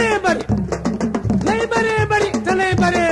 bëree bëri lay bëree bëri te lay bëree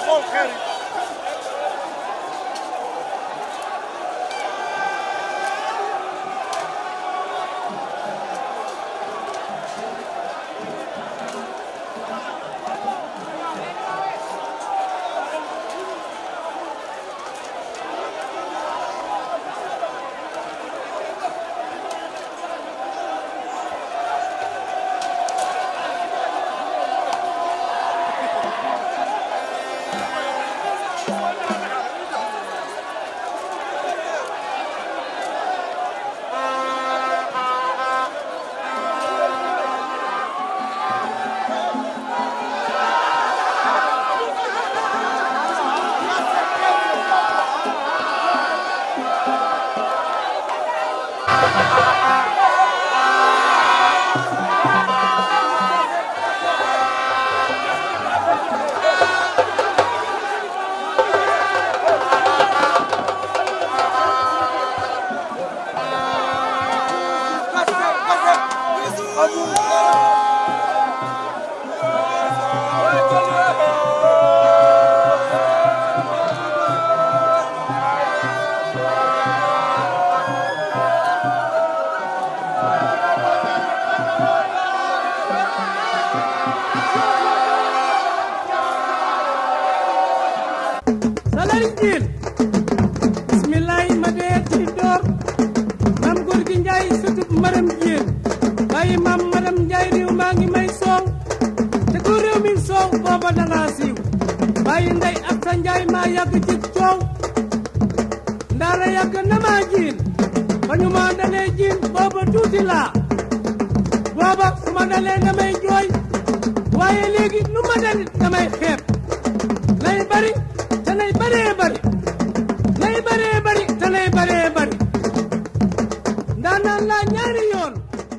خوب Bismillahirrahmanirrahim. Bismillahirrahmanirrahim. Bismillahirrahmanirrahim. Bismillahirrahmanirrahim. Bismillahirrahmanirrahim. Bismillahirrahmanirrahim. itu Bismillahirrahmanirrahim. Bismillahirrahmanirrahim. Bismillahirrahmanirrahim. Bismillahirrahmanirrahim. Bismillahirrahmanirrahim. bàyyi ndey ak sa maa yàgg ci coow ndaara yàgg na maa jiin ba ñu maa dalee jiin booba tuuti laa booba su ma dalee damay jooy waaye léegi nu ma dalit damay xeeb nay bari te nay baree bari